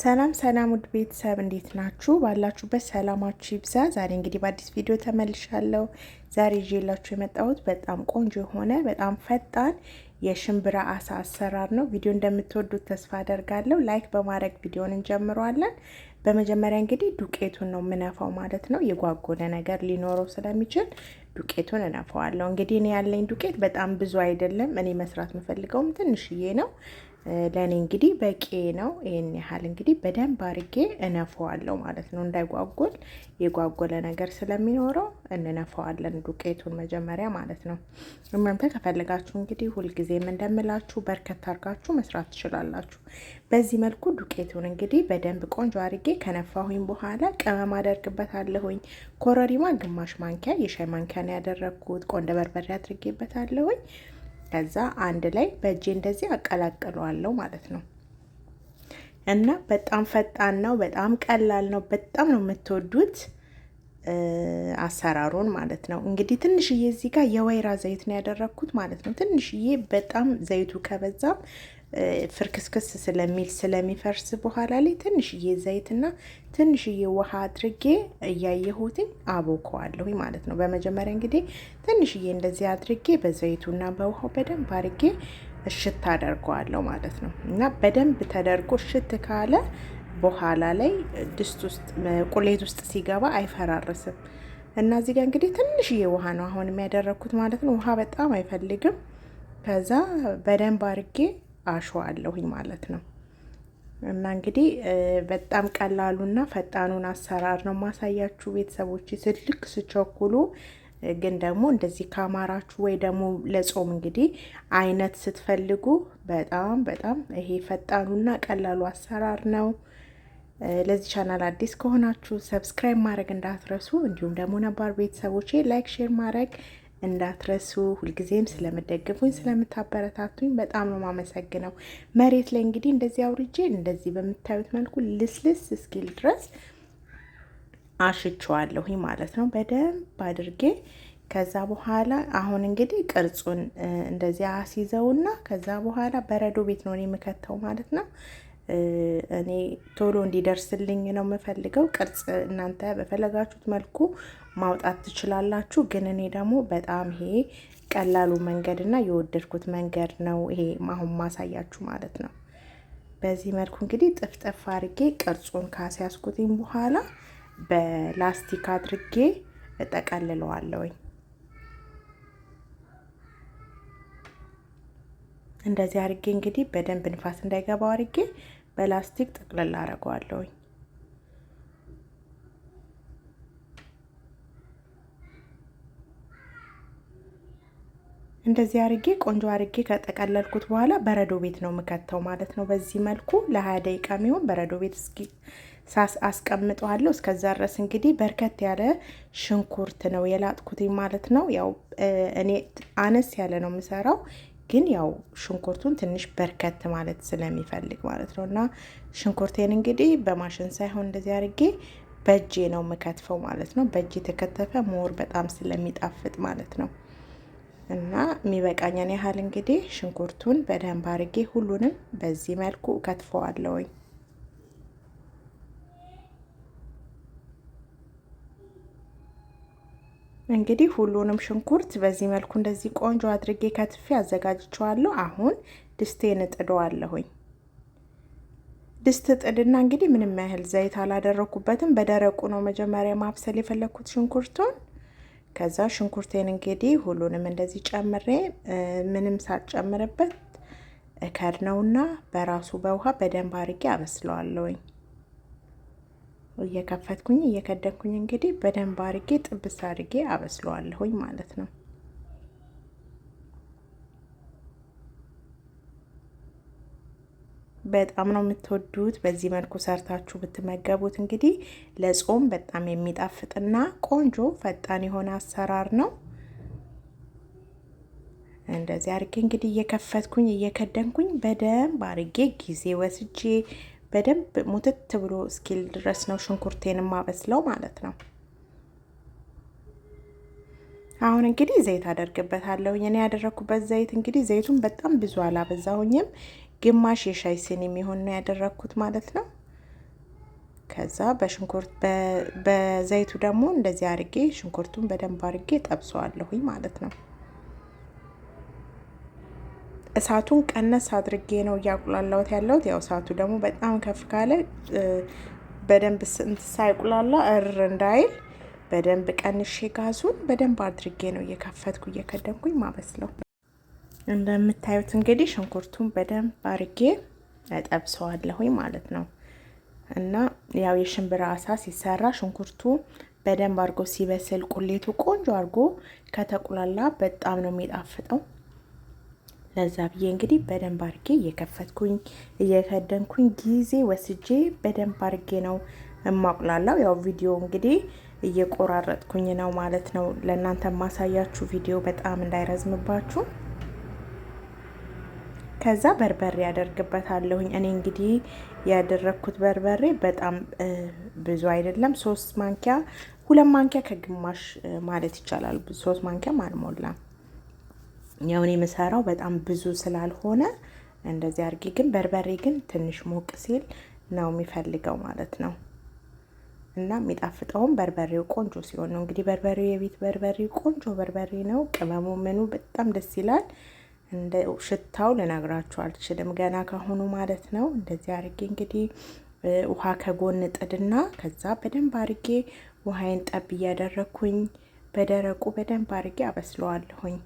ሰላም ሰላም ውድ ቤተሰብ እንዴት ናችሁ? ባላችሁበት ሰላማችሁ ይብዛ። ዛሬ እንግዲህ በአዲስ ቪዲዮ ተመልሻለሁ። ዛሬ ይዤላችሁ የመጣሁት በጣም ቆንጆ የሆነ በጣም ፈጣን የሽምብራ አሳ አሰራር ነው። ቪዲዮ እንደምትወዱት ተስፋ አደርጋለሁ። ላይክ በማድረግ ቪዲዮን እንጀምረዋለን። በመጀመሪያ እንግዲህ ዱቄቱን ነው የምነፋው ማለት ነው። የጓጎለ ነገር ሊኖረው ስለሚችል ዱቄቱን እነፈዋለሁ። እንግዲህ እኔ ያለኝ ዱቄት በጣም ብዙ አይደለም። እኔ መስራት የምፈልገውም ትንሽዬ ነው። ለእኔ እንግዲህ በቂ ነው። ይህን ያህል እንግዲህ በደንብ አርጌ እነፈዋለሁ ማለት ነው። እንዳይጓጎል የጓጎለ ነገር ስለሚኖረው እንነፈዋለን ዱቄቱን መጀመሪያ ማለት ነው። እናንተ ከፈለጋችሁ እንግዲህ ሁልጊዜም እንደምላችሁ በርከት አርጋችሁ መስራት ትችላላችሁ። በዚህ መልኩ ዱቄቱን እንግዲህ በደንብ ቆንጆ አድርጌ ከነፋሁኝ በኋላ ቅመም አደርግበታለሁኝ። ኮረሪማ ግማሽ ማንኪያ የሻይ ማንኪያ ነው ያደረግኩት። ቆንደ በርበሬ አድርጌበታለሁኝ። ከዛ አንድ ላይ በእጄ እንደዚህ አቀላቅለዋለሁ ማለት ነው። እና በጣም ፈጣን ነው፣ በጣም ቀላል ነው። በጣም ነው የምትወዱት አሰራሩን ማለት ነው። እንግዲህ ትንሽዬ እዚህ ጋር የወይራ ዘይት ነው ያደረግኩት ማለት ነው። ትንሽዬ በጣም ዘይቱ ከበዛም ፍርክስክስ ስለሚል ስለሚፈርስ በኋላ ላይ ትንሽዬ ዘይትና ትንሽዬ ውሃ አድርጌ እያየሁትኝ አቦከዋለሁ ማለት ነው። በመጀመሪያ እንግዲህ ትንሽዬ እንደዚህ አድርጌ በዘይቱና በውሃው በደንብ አድርጌ እሽት አደርገዋለሁ ማለት ነው እና በደንብ ተደርጎ እሽት ካለ በኋላ ላይ ድስት ውስጥ ቁሌት ውስጥ ሲገባ አይፈራርስም እና እዚህ ጋር እንግዲህ ትንሽዬ ውሃ ነው አሁን የሚያደረግኩት ማለት ነው። ውሃ በጣም አይፈልግም። ከዛ በደንብ አድርጌ አሸዋለሁኝ ማለት ነው። እና እንግዲህ በጣም ቀላሉና ፈጣኑን አሰራር ነው ማሳያችሁ ቤተሰቦች። ስልክ ስቸኩሉ ግን ደግሞ እንደዚህ ካማራችሁ ወይ ደግሞ ለጾም እንግዲህ አይነት ስትፈልጉ በጣም በጣም ይሄ ፈጣኑና ቀላሉ አሰራር ነው። ለዚህ ቻናል አዲስ ከሆናችሁ ሰብስክራይብ ማድረግ እንዳትረሱ፣ እንዲሁም ደግሞ ነባር ቤተሰቦቼ ላይክ፣ ሼር ማድረግ እንዳትረሱ። ሁልጊዜም ስለምደግፉኝ ስለምታበረታቱኝ በጣም ነው ማመሰግነው። መሬት ላይ እንግዲህ እንደዚህ አውርጄ እንደዚህ በምታዩት መልኩ ልስልስ እስኪል ድረስ አሽቸዋለሁኝ ማለት ነው በደንብ አድርጌ ከዛ በኋላ አሁን እንግዲህ ቅርጹን እንደዚያ አስይዘውና ከዛ በኋላ በረዶ ቤት ነው የምከተው ማለት ነው። እኔ ቶሎ እንዲደርስልኝ ነው የምፈልገው። ቅርጽ እናንተ በፈለጋችሁት መልኩ ማውጣት ትችላላችሁ። ግን እኔ ደግሞ በጣም ይሄ ቀላሉ መንገድ እና የወደድኩት መንገድ ነው። ይሄ አሁን ማሳያችሁ ማለት ነው። በዚህ መልኩ እንግዲህ ጥፍጥፍ አድርጌ ቅርጹን ካስያዝኩትኝ በኋላ በላስቲክ አድርጌ ጠቀልለዋለውኝ። እንደዚህ አርጌ እንግዲህ በደንብ ንፋስ እንዳይገባው አርጌ በላስቲክ ጥቅልል አረገዋለሁኝ። እንደዚህ አርጌ ቆንጆ አርጌ ከጠቀለልኩት በኋላ በረዶ ቤት ነው የምከተው ማለት ነው። በዚህ መልኩ ለሀያ ደቂቃ የሚሆን በረዶ ቤት እስኪ አስቀምጠዋለሁ። እስከዛ ድረስ እንግዲህ በርከት ያለ ሽንኩርት ነው የላጥኩትኝ ማለት ነው። ያው እኔ አነስ ያለ ነው የምሰራው ግን ያው ሽንኩርቱን ትንሽ በርከት ማለት ስለሚፈልግ ማለት ነው። እና ሽንኩርቴን እንግዲህ በማሽን ሳይሆን እንደዚህ አድርጌ በእጄ ነው የምከትፈው ማለት ነው። በእጅ የተከተፈ ሞር በጣም ስለሚጣፍጥ ማለት ነው። እና የሚበቃኝን ያህል እንግዲህ ሽንኩርቱን በደንብ አድርጌ ሁሉንም በዚህ መልኩ ከትፈዋለውኝ። እንግዲህ ሁሉንም ሽንኩርት በዚህ መልኩ እንደዚህ ቆንጆ አድርጌ ከትፌ አዘጋጅቸዋለሁ። አሁን ድስቴን እጥደዋለሁኝ። ድስት ጥድና እንግዲህ ምንም ያህል ዘይት አላደረኩበትም። በደረቁ ነው መጀመሪያ ማብሰል የፈለግኩት ሽንኩርቱን። ከዛ ሽንኩርቴን እንግዲህ ሁሉንም እንደዚህ ጨምሬ ምንም ሳልጨምርበት እከድነውና በራሱ በውሃ በደንብ አርጌ አበስለዋለሁኝ። እየከፈትኩኝ እየከደንኩኝ እንግዲህ በደንብ አርጌ ጥብስ አርጌ አበስለዋለሁኝ ማለት ነው። በጣም ነው የምትወዱት። በዚህ መልኩ ሰርታችሁ ብትመገቡት እንግዲህ ለጾም በጣም የሚጣፍጥና ቆንጆ ፈጣን የሆነ አሰራር ነው። እንደዚህ አርጌ እንግዲህ እየከፈትኩኝ እየከደንኩኝ በደንብ አርጌ ጊዜ ወስጄ በደንብ ሙትት ብሎ እስኪል ድረስ ነው ሽንኩርቴን ማበስለው ማለት ነው። አሁን እንግዲህ ዘይት አደርግበታለሁ። እኔ ያደረግኩበት ዘይት እንግዲህ ዘይቱን በጣም ብዙ አላበዛሁኝም። ግማሽ የሻይ ስኒ የሚሆን ነው ያደረግኩት ማለት ነው። ከዛ በሽንኩርት በዘይቱ ደግሞ እንደዚህ አርጌ ሽንኩርቱን በደንብ አርጌ ጠብሰዋለሁኝ ማለት ነው። እሳቱን ቀነስ አድርጌ ነው እያቁላላሁት ያለሁት። ያው እሳቱ ደግሞ በጣም ከፍ ካለ በደንብ እንትን ሳይቁላላ እር እንዳይል በደንብ ቀንሼ ጋዙን በደንብ አድርጌ ነው እየከፈትኩ እየከደንኩኝ ማበስለው። እንደምታዩት እንግዲህ ሽንኩርቱን በደንብ አድርጌ ጠብሰዋለሁኝ ማለት ነው። እና ያው የሽምብራ አሳ ሲሰራ ሽንኩርቱ በደንብ አድርጎ ሲበስል ቁሌቱ ቆንጆ አድርጎ ከተቁላላ በጣም ነው የሚጣፍጠው። ለዛ ብዬ እንግዲህ በደንብ አርጌ እየከፈትኩኝ እየከደንኩኝ ጊዜ ወስጄ በደንብ አርጌ ነው እማቁላላው። ያው ቪዲዮ እንግዲህ እየቆራረጥኩኝ ነው ማለት ነው ለእናንተ ማሳያችሁ ቪዲዮ በጣም እንዳይረዝምባችሁ። ከዛ በርበሬ ያደርግበታለሁኝ። እኔ እንግዲህ ያደረግኩት በርበሬ በጣም ብዙ አይደለም፣ ሶስት ማንኪያ ሁለት ማንኪያ ከግማሽ ማለት ይቻላል። ሶስት ማንኪያም አልሞላም ያውን የምሰራው በጣም ብዙ ስላልሆነ እንደዚህ አድርጌ ግን በርበሬ ግን ትንሽ ሞቅ ሲል ነው የሚፈልገው ማለት ነው። እና የሚጣፍጠውም በርበሬው ቆንጆ ሲሆን ነው። እንግዲህ በርበሬው የቤት በርበሬ ቆንጆ በርበሬ ነው። ቅመሙ ምኑ በጣም ደስ ይላል። እንደ ሽታው ልነግራችሁ አልችልም፣ ገና ካሁኑ ማለት ነው። እንደዚህ አድርጌ እንግዲህ ውሃ ከጎን ጥድና ከዛ በደንብ አድርጌ ውሃዬን ጠብ እያደረግኩኝ በደረቁ በደንብ አድርጌ አበስለዋለሁኝ።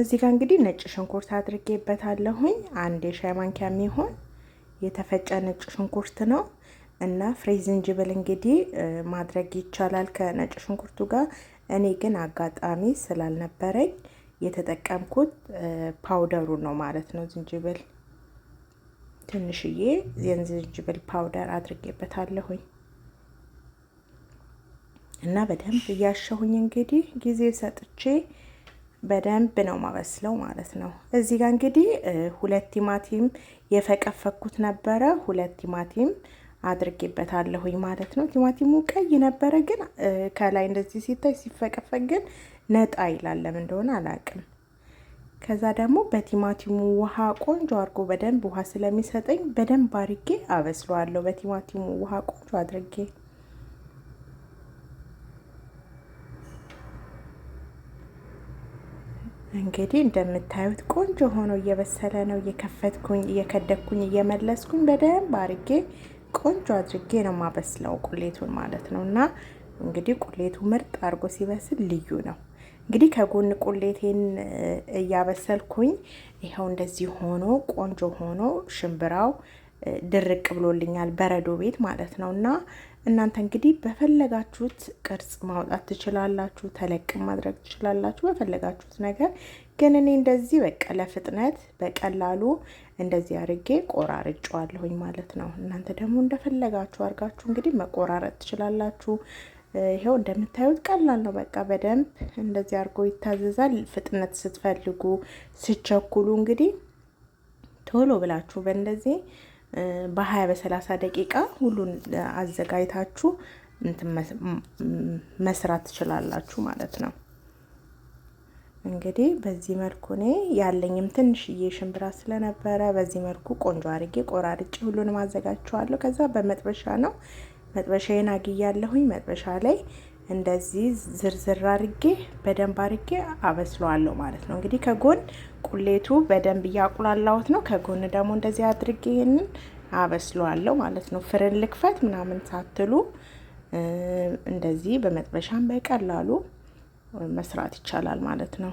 እዚህ ጋር እንግዲህ ነጭ ሽንኩርት አድርጌበታለሁኝ። አንድ የሻይ ማንኪያ የሚሆን የተፈጨ ነጭ ሽንኩርት ነው እና ፍሬ ዝንጅብል እንግዲህ ማድረግ ይቻላል ከነጭ ሽንኩርቱ ጋር። እኔ ግን አጋጣሚ ስላልነበረኝ የተጠቀምኩት ፓውደሩ ነው ማለት ነው። ዝንጅብል ትንሽዬ የዝንጅብል ፓውደር አድርጌበታለሁኝ እና በደንብ እያሸሁኝ እንግዲህ ጊዜ ሰጥቼ በደንብ ነው ማበስለው ማለት ነው። እዚህ ጋር እንግዲህ ሁለት ቲማቲም የፈቀፈኩት ነበረ። ሁለት ቲማቲም አድርጌበታለሁኝ ማለት ነው። ቲማቲሙ ቀይ ነበረ፣ ግን ከላይ እንደዚህ ሲታይ ሲፈቀፈቅ ግን ነጣ ይላል። ለምን እንደሆነ አላውቅም። ከዛ ደግሞ በቲማቲሙ ውሃ ቆንጆ አድርጎ በደንብ ውሃ ስለሚሰጠኝ በደንብ አድርጌ አበስለዋለሁ። በቲማቲሙ ውሃ ቆንጆ አድርጌ እንግዲህ እንደምታዩት ቆንጆ ሆኖ እየበሰለ ነው። እየከፈትኩኝ እየከደኩኝ እየመለስኩኝ በደንብ አርጌ ቆንጆ አድርጌ ነው ማበስለው ቁሌቱን ማለት ነው። እና እንግዲህ ቁሌቱ ምርጥ አድርጎ ሲበስል ልዩ ነው። እንግዲህ ከጎን ቁሌቴን እያበሰልኩኝ ይኸው እንደዚህ ሆኖ ቆንጆ ሆኖ ሽምብራው ድርቅ ብሎልኛል፣ በረዶ ቤት ማለት ነው። እና እናንተ እንግዲህ በፈለጋችሁት ቅርጽ ማውጣት ትችላላችሁ፣ ተለቅም ማድረግ ትችላላችሁ፣ በፈለጋችሁት ነገር። ግን እኔ እንደዚህ በቃ ለፍጥነት በቀላሉ እንደዚህ አርጌ ቆራርጫዋለሁኝ ማለት ነው። እናንተ ደግሞ እንደፈለጋችሁ አርጋችሁ እንግዲህ መቆራረጥ ትችላላችሁ። ይኸው እንደምታዩት ቀላል ነው። በቃ በደንብ እንደዚህ አድርጎ ይታዘዛል። ፍጥነት ስትፈልጉ ስቸኩሉ እንግዲህ ቶሎ ብላችሁ በእንደዚህ በ20 በ30 ደቂቃ ሁሉን አዘጋጅታችሁ መስራት ትችላላችሁ ማለት ነው። እንግዲህ በዚህ መልኩ እኔ ያለኝም ትንሽዬ ሽምብራ ስለነበረ በዚህ መልኩ ቆንጆ አድርጌ ቆራርጬ ሁሉንም አዘጋጅቸዋለሁ። ከዛ በመጥበሻ ነው መጥበሻዬን አግያለሁኝ። መጥበሻ ላይ እንደዚህ ዝርዝር አርጌ በደንብ አርጌ አበስለዋለሁ ማለት ነው። እንግዲህ ከጎን ቁሌቱ በደንብ እያቁላላሁት ነው። ከጎን ደግሞ እንደዚህ አድርጌ ይሄንን አበስለዋለሁ ማለት ነው። ፍርን ልክፈት ምናምን ሳትሉ እንደዚህ በመጥበሻም በቀላሉ መስራት ይቻላል ማለት ነው።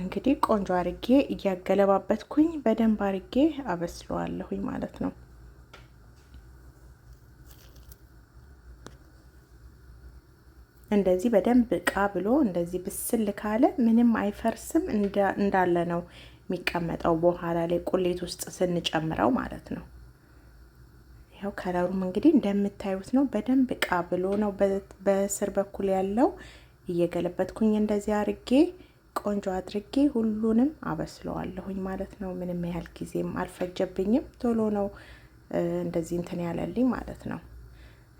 እንግዲህ ቆንጆ አርጌ እያገለባበትኩኝ በደንብ አርጌ አበስለዋለሁኝ ማለት ነው። እንደዚህ በደንብ እቃ ብሎ እንደዚህ ብስል ካለ ምንም አይፈርስም፣ እንዳለ ነው የሚቀመጠው በኋላ ላይ ቁሌት ውስጥ ስንጨምረው ማለት ነው። ያው ከለሩም እንግዲህ እንደምታዩት ነው። በደንብ እቃ ብሎ ነው በስር በኩል ያለው። እየገለበትኩኝ እንደዚህ አርጌ ቆንጆ አድርጌ ሁሉንም አበስለዋለሁኝ ማለት ነው። ምንም ያህል ጊዜም አልፈጀብኝም። ቶሎ ነው እንደዚህ እንትን ያለልኝ ማለት ነው።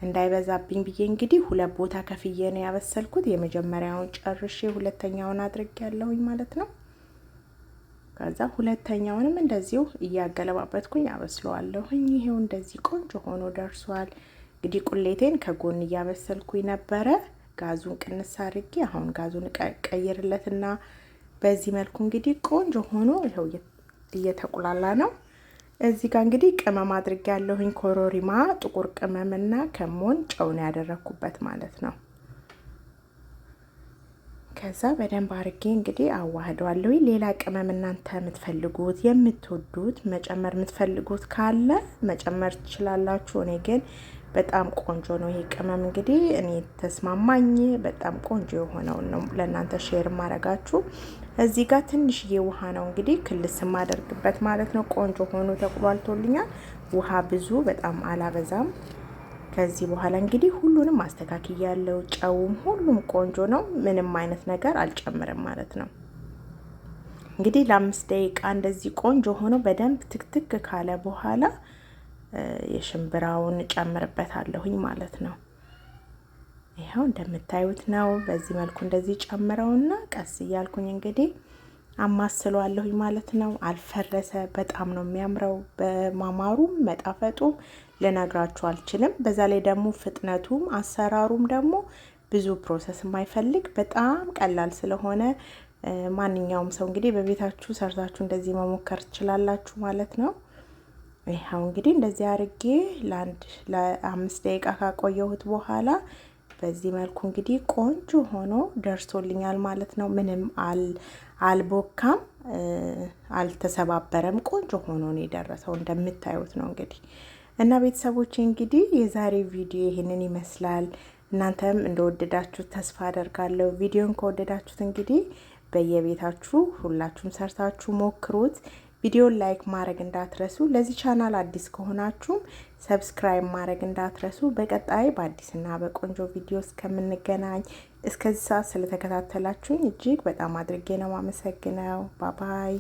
እንዳይበዛብኝ ብዬ እንግዲህ ሁለት ቦታ ከፍዬ ነው ያበሰልኩት። የመጀመሪያውን ጨርሼ ሁለተኛውን አድርጌ ያለሁኝ ማለት ነው። ከዛ ሁለተኛውንም እንደዚሁ እያገለባበትኩኝ አበስለዋለሁኝ። ይሄው እንደዚህ ቆንጆ ሆኖ ደርሷል። እንግዲህ ቁሌቴን ከጎን እያበሰልኩኝ ነበረ። ጋዙን ቅንስ አድርጌ አሁን ጋዙን ቀይርለትና በዚህ መልኩ እንግዲህ ቆንጆ ሆኖ ይኸው እየተቁላላ ነው። እዚህ ጋር እንግዲህ ቅመም አድርጌ ያለሁኝ ኮሮሪማ፣ ጥቁር ቅመምና ከሞን ጨውን ያደረኩበት ያደረግኩበት ማለት ነው። ከዛ በደንብ አርጌ እንግዲህ አዋህደዋለሁ። ሌላ ቅመም እናንተ የምትፈልጉት የምትወዱት መጨመር የምትፈልጉት ካለ መጨመር ትችላላችሁ። እኔ ግን በጣም ቆንጆ ነው ይሄ ቅመም እንግዲህ እኔ ተስማማኝ። በጣም ቆንጆ የሆነውን ነው ለእናንተ ሼር ማረጋችሁ እዚህ ጋር ትንሽዬ ውሃ ነው እንግዲህ ክልስ የማደርግበት ማለት ነው። ቆንጆ ሆኖ ተቁሏልቶልኛል። ውሃ ብዙ በጣም አላበዛም። ከዚህ በኋላ እንግዲህ ሁሉንም ማስተካከያ ያለው ጨውም ሁሉም ቆንጆ ነው። ምንም አይነት ነገር አልጨምርም ማለት ነው። እንግዲህ ለአምስት ደቂቃ እንደዚህ ቆንጆ ሆኖ በደንብ ትክትክ ካለ በኋላ የሽምብራውን ጨምርበታለሁኝ ማለት ነው። ይኸው እንደምታዩት ነው። በዚህ መልኩ እንደዚህ ጨምረውና ቀስ እያልኩኝ እንግዲህ አማስሏለሁኝ ማለት ነው። አልፈረሰ። በጣም ነው የሚያምረው። በማማሩም መጣፈጡም ልነግራችሁ አልችልም። በዛ ላይ ደግሞ ፍጥነቱም አሰራሩም ደግሞ ብዙ ፕሮሰስ የማይፈልግ በጣም ቀላል ስለሆነ ማንኛውም ሰው እንግዲህ በቤታችሁ ሰርታችሁ እንደዚህ መሞከር ትችላላችሁ ማለት ነው። ይኸው እንግዲህ እንደዚህ አርጌ ለአንድ ለአምስት ደቂቃ ካቆየሁት በኋላ በዚህ መልኩ እንግዲህ ቆንጆ ሆኖ ደርሶልኛል ማለት ነው። ምንም አልቦካም፣ አልተሰባበረም። ቆንጆ ሆኖ ነው የደረሰው እንደምታዩት ነው እንግዲህ እና ቤተሰቦች እንግዲህ የዛሬ ቪዲዮ ይህንን ይመስላል። እናንተም እንደወደዳችሁት ተስፋ አደርጋለሁ። ቪዲዮን ከወደዳችሁት እንግዲህ በየቤታችሁ ሁላችሁም ሰርታችሁ ሞክሩት። ቪዲዮን ላይክ ማድረግ እንዳትረሱ። ለዚህ ቻናል አዲስ ከሆናችሁም ሰብስክራይብ ማድረግ እንዳትረሱ። በቀጣይ በአዲስና በቆንጆ ቪዲዮ እስከምንገናኝ እስከዚህ ሰዓት ስለተከታተላችሁኝ እጅግ በጣም አድርጌ ነው አመሰግነው። ባባይ